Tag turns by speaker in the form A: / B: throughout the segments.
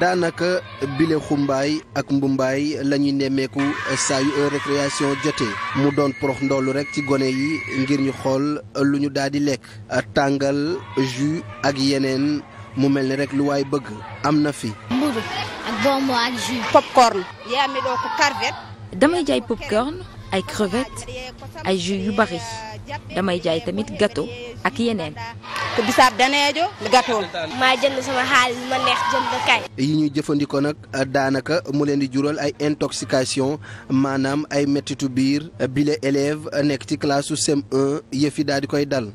A: daanaka bile xumbaay ak mbumbaay lañuy nemmeeku saa yu récréation jotee mu doon porox ndoolu rek ci gone yi ngir ñu xool lu ñu daal di lekk tàngal jus ak yeneen mu mel ni rek lu waay bëgg am na
B: fi. mburu ak bonbon ak jus. popcorn. yaa mi doo ko carvette. damay jaay popcorn. ay crevettes ay jus yu bari damay jaay tamit gato ak yeneen. te bisaab daneejo gâteau la. maa jënd sama xaalis ma neex jënd kay.
A: yi ñuy jëfandikoo nag daanaka mu leen di jural ay intoxication maanaam ay mettitu biir bile élève nekk ci classe su CM1 yëf yi daal di koy dal.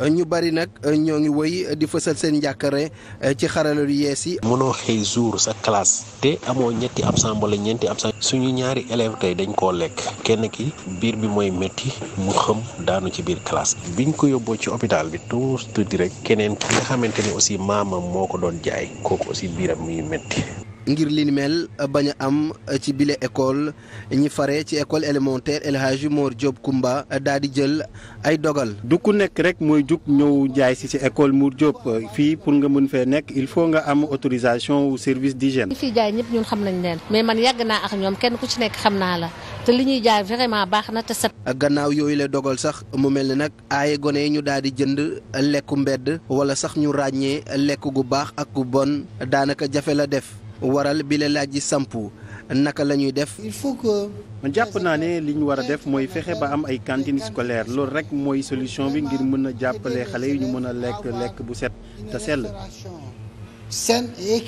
A: ñu bari nag euh, ñoo ngi woy di fësal seen njàkkare euh, ci xarala yu yees yi.
C: mënoo xëy jour sa classe te amoo ñetti absent wala ñeenti absent suñu ñaari élèves tey dañ koo lekk kenn ki biir bi mooy métti mu xam daanu ci biir classe biñ ko yóbboo ci hôpital bi tuuti rek keneen ki nga xamante ni aussi maamam moo ko doon jaay kooku aussi biiram muy métti. ngir li mel
A: bañ am ci bile école ñi fare ci école élémentaire El Hadji Mor Diop Kumba daal di jël ay dogal. du ku nekk rek mooy jug ñëw jaay si ci école Mor Diop
D: fii pour nga mën fee nekk il faut nga am autorisation wu service d'hygiène. ñi
B: fiy jaay ñëpp ñun xam nañ leen. mais man yàgg naa ak ñoom kenn ku ci nekk xam naa la te li ñuy jaay vraiment baax na te set.
A: gannaaw yooyu la dogal sax mu mel ni nag aaye gone yi ñu daal di jënd lekku mbedd wala sax ñu ràññee lekk gu baax ak gu bon daanaka jafe la def. waral bi la laaj ji sampu naka la ñuy def. il faut que. jàpp naa ne li ñu war a def mooy fexe ba am ay
D: cantine scolaire loolu rek mooy solution bi ngir mën a jàppale xale yi ñu mën a lekk lekk bu set
A: te sell. sain et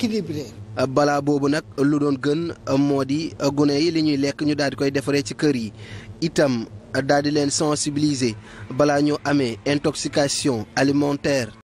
A: balaa boobu nag lu doon gën moo di gune yi li ñuy lekk ñu daal di koy defaree ci kër yi itam daal di leen sensibiliser balaa ñu amee intoxication alimentaire.